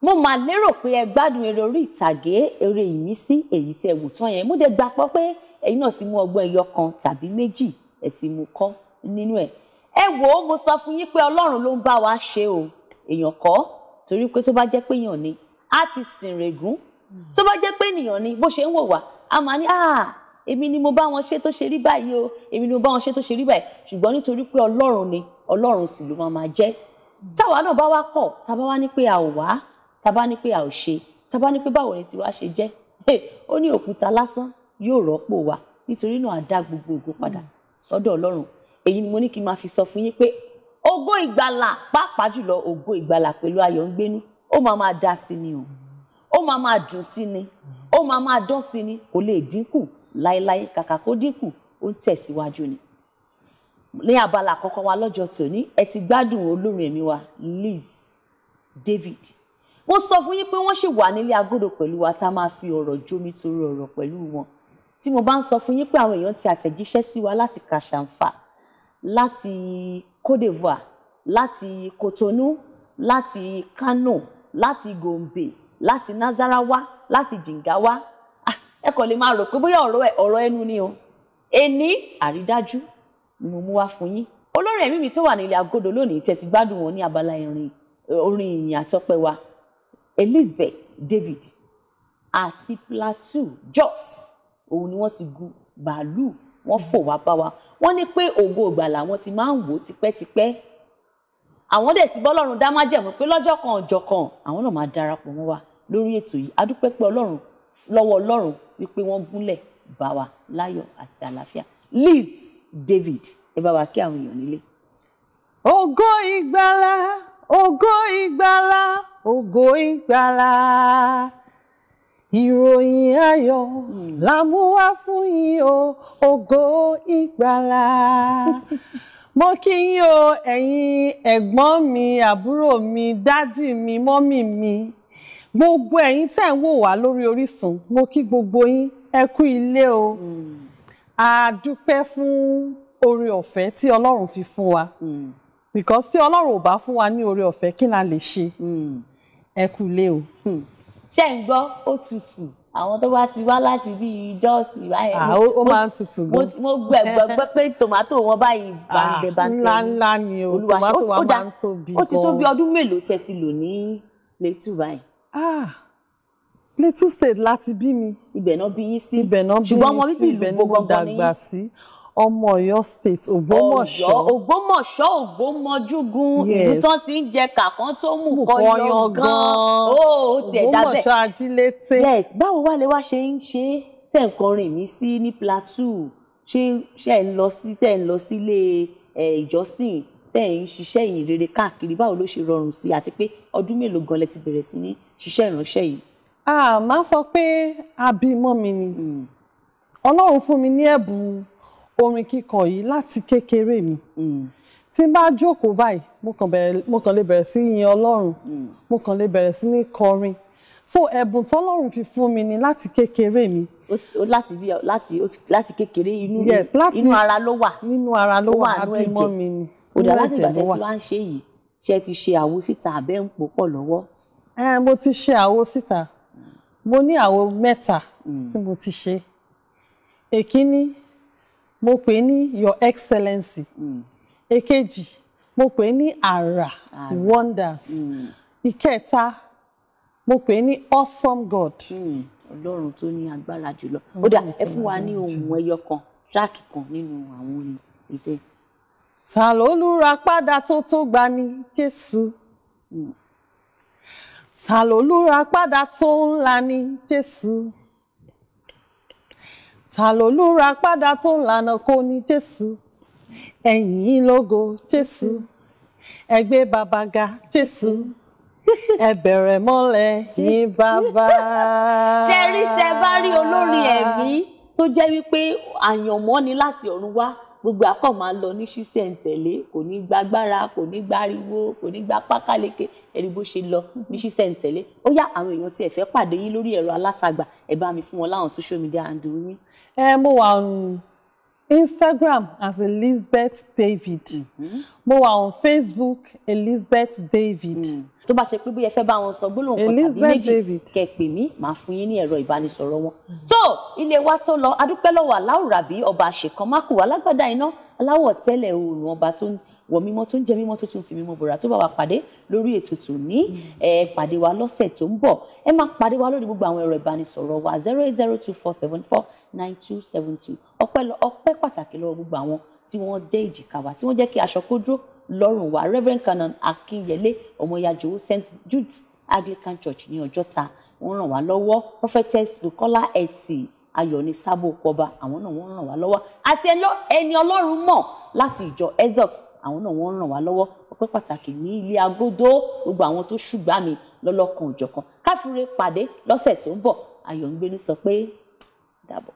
mo mà lérò pé ẹ gbádùn eré orí ìtàgé eré ìmísí èyí tí ẹ wò tán yẹn mo dẹ̀ gbàgbọ́ pé ẹ̀yin náà ti mú ọgbọ́n ẹyọ kan tàbí méjì ẹ ti mú kọ́ nínú ẹ̀ ẹ wò ó mo sọ fún yín pé ọlọ́run ló ń bá wa ṣe o èèyàn kọ́ torí pé tó bá jẹ́ pé èèyàn ni á ti sìn règún tó bá jẹ́ pé ènìyàn ni bó ṣe ń wò wá a máa ní ah èmi ni mo bá wọn ṣe tó ṣe rí báyìí o èmi ni mo bá wọn ṣe tó ṣe rí báyìí ṣùgbọ́n nítorí pé ọlọ́run ni ọlọ́run sì ló máa máa jẹ́ táwa náà bá wá kọ̀ tá wá ní pé a ò wá tàbá ní pé a ò ṣe tàbá ní pé báwo ni tiwa ṣe jẹ́ ó ní òkúta lásán yóò rọ́pò wa nítorí náà a dá gbogbo ògo padà sọ́dọ̀ Ọlọ́run èyí ni mo ní kí n máa fi sọ fún yín pé ògo ìgbàlà pàápàá jùlọ ògo ìgbàlà pẹ̀lú ayọ̀ ń gbénú ó máa máa dá sí ni o ó máa máa dùn sí ni ó máa máa dán sí ni kò lè dínkù láéláé kàkà kó dínkù ó ń tẹ̀síwájú ni ní abala àkọ́kọ́ wa lọ́jọ́ tòní ẹ ti gbádùn olórin ẹ̀mí wa Liz David mo sọ fún yín pé wọ́n ṣì wà nílé agodo pẹ̀lú wa tá a máa fi ọ̀rọ̀ jómi torí ọ̀rọ̀ pẹ̀lú wọn tí mo bá ń sọ fún yín pé àwọn èèyàn ti àtẹ̀jíṣẹ́ sí wa láti kàṣàǹfà láti Côte d'Ivoire láti Cotonou láti Kano láti Gombe láti Nasarawa láti Jingawa ẹ kàn lè máa rò pé bóyá ọ̀rọ̀ ẹnu ni o ẹni àrídájú ni mo mú wá fún yín olórin ẹ̀mí mi tó wà nílé agodo lónìí tẹ̀sí gbádùn wọn ní abala orin ìyìn àtọ́pẹ́ wa elizabeth david àti plateau jos òun ni wọ́n ti gun bàálù wọ́n fò wá bá wa wọ́n ní pé ògo ìgbàlà wọn ti máa ń wò tipẹ́tipẹ́ àwọn dẹ̀ ti bọ́lọ́run dá májẹ̀mú pé lọ́jọ́ kan ọjọ́ kan àwọn náà máa darapọ̀ mọ́ wa lórí ètò yìí adúpẹ́ pé ọlọ́run lọ́wọ́ ọlọ́run wípé wọ́n gúnlẹ̀ bá wa láyọ̀ àti àlàáfíà liz david ẹ bá wa kí àwọn èèyàn nílé. ògo ìgbàlà ògo ìgbàlà ògo ìgbàlà ìròyìn ayọ̀ la mú wá fún yín o ògo ìgbàlà mo kí yín o ẹ̀yin ẹ̀gbọ́n mi àbúrò mi dádì mi mọ́mì mi gbogbo ẹ̀yin tẹ́ ń wò wá lórí Orísun mo kí gbogbo yín ẹ kú ilé o a fún oore ọ̀fẹ́ tí Ọlọ́run fi fún wa mm. because tí Ọlọ́run ò bá fún wa ní oore ọ̀fẹ́ kí la lè ṣe. Mm ẹ kú lé o hmm. ṣe ń gbọ́ ó tutù àwọn tó bá ti wá láti bí dọ́ọ̀sì báyẹn ah, ó máa ń tutù gan mo gbẹgbẹ gbẹ pé tòmátò wọn báyìí bàǹdẹ ah, bàǹdẹ ńlá ńlá ni o tòmátò wa máa ń tóbi gan ó ti tó bí ọdún mélòó tẹ́ ti lò ní Plateau báyìí. Ah, Plateau state láti bí mi. ibẹ̀ náà bí yín sí ṣùgbọ́n ọmọ bíbí ìlú gbogbo gan ni ọmọ Ọ̀yọ́ state Ògbómọ̀ṣọ́ Ògbómọ̀ṣọ́ Ògbómọjúgun ìlú tán ti ń jẹ kàkán tó mú kọyọ gan ó tiẹ̀ dábẹ́ Ògbómọ̀ṣọ́ ajílété yes báwo wá lè wá ṣe ń ṣe tẹ̀ ń kọrin mi sí ní plateau ṣé ṣe ń lọ sí tẹ̀ ń lọ sílé ìjọsìn tẹ̀ ń ṣiṣẹ́ ìyìn rere káàkiri báwo ló ṣe rọrùn sí àti pé ọdún mélòó gan lẹ ti bẹ̀rẹ̀ sí ní ṣiṣẹ́ ìránṣẹ́ yìí. a ah, máa sọ pé abímọ mi ni hmm. Ọlọ́run fún mi ní ẹ̀bùn orin kíkọ yìí láti kékeré mi mm. tí n bá jókòó báyìí mo kàn lè bẹ̀rẹ̀ sí yin Ọlọ́run mm. mo kàn lè bẹ̀rẹ̀ sí ní kọrin so ẹ̀bùn tọ́lọ́run fi fún mi ni láti kékeré mi láti bí láti láti kékeré inú yes, láti, inú ara ló wà nínú ara ló wà abímọ mi ni òdà láti ìgbà tẹ́ ti wá ń ṣe yìí ṣe ti ṣe àwo síta abẹ́ ń pò lọ́wọ́. mo ti ṣe àwo síta mm. mo ní àwo mẹ́ta tí mo ti ṣe èkíní mo pè ní your excellency hmm. èkejì mo pè ní àrà wonders hmm. ìkẹta mo pè ní awesome god. Hmm. ọlọ́run tó ní agbára jùlọ ó dà ẹ fún wa ní ohun ẹyọ kan tíráàkì kan nínú àwọn orin ìtẹ. ta ló lúra padà tó tó gbani jésù ta ló lúra padà tó ńlá ni jésù ta lolúra padà tó ń lànà kó ní jésù ẹ̀yìn lógo jésù ẹgbẹ́ bàbá ga jésù ẹ bẹ̀rẹ̀ mọ́lẹ̀ yín bàbá. ṣe rí tẹ bá rí olórin ẹ̀mí tó jẹ́ wípé àyànmọ́ ni láti ọ̀run wá gbogbo akọ máa lọ ní ṣísẹ̀ǹtẹ̀lé kò ní gba kò ní gba kò ní gba ẹni bó ṣe lọ ní ṣísẹ̀ǹtẹ̀lé ó yá àwọn èèyàn tí ẹ pàdé yín lórí ẹ̀rọ alátagbà ẹ bá mi fún wọn láwọn social media and yín ẹ mo wà on Instagram as Elizabeth David mm-hmm. mo wà on Facebook Elizabeth David. Mm. tó bá ṣe pé bí ẹ fẹ́ bá wọn sọ gbólóhùn kan tàbí méjì kẹ́ pè mí màá fún yín ní ẹ̀rọ ìbánisọ̀rọ̀ wọn. tó mm-hmm. ilé wa tó lọ adúpẹ́ lọ́wọ́ aláwùrábí ọba àṣekàn mákùwá lágbádá iná aláwọ̀ tẹ́lẹ̀ oòrùn ọba tó ń wọ mímọ́ tó ń jẹ mímọ́ tó tún fi mímọ́ bòrà tó bá wa pàdé lórí ètò tòní mm. ẹ pàdé wa lọ́sẹ̀ tó ń bọ̀ ẹ máa pàdé wa lórí gbogbo àwọn ẹ̀rọ ìbánisọ̀rọ̀ wa zero eight zero two four seven four nine two seven two ọpẹ́ ọpẹ́ pàtàkì lọ́wọ́ gbogbo àwọn tí wọ́n dé ìjìká wa tí wọ́n jẹ́ kí aṣọ kó dúró lọ́rùn wa Reverend Canon Akinyele ọmọyàjò St Jude's Anglican Church ní Ọjọ́ta wọ́n ràn wá lọ́wọ́ Prophetess Bukola Etsy ayọ̀ni sábò kọba àwọn náà wọ́n ràn wá lọ́wọ́ àti ẹni ọlọ́run mọ̀ láti ìjọ ezox àwọn náà wọ́n ràn wá lọ́wọ́ ọpẹ́ pàtàkì ní ilé agodo gbogbo àwọn tó ṣùgbà mi lọ́lọ́kan òjọ̀kan káfíńre pàdé lọ́sẹ̀ tó ń bọ̀ ayọ̀ ń gbénu sọ pé dàbọ̀.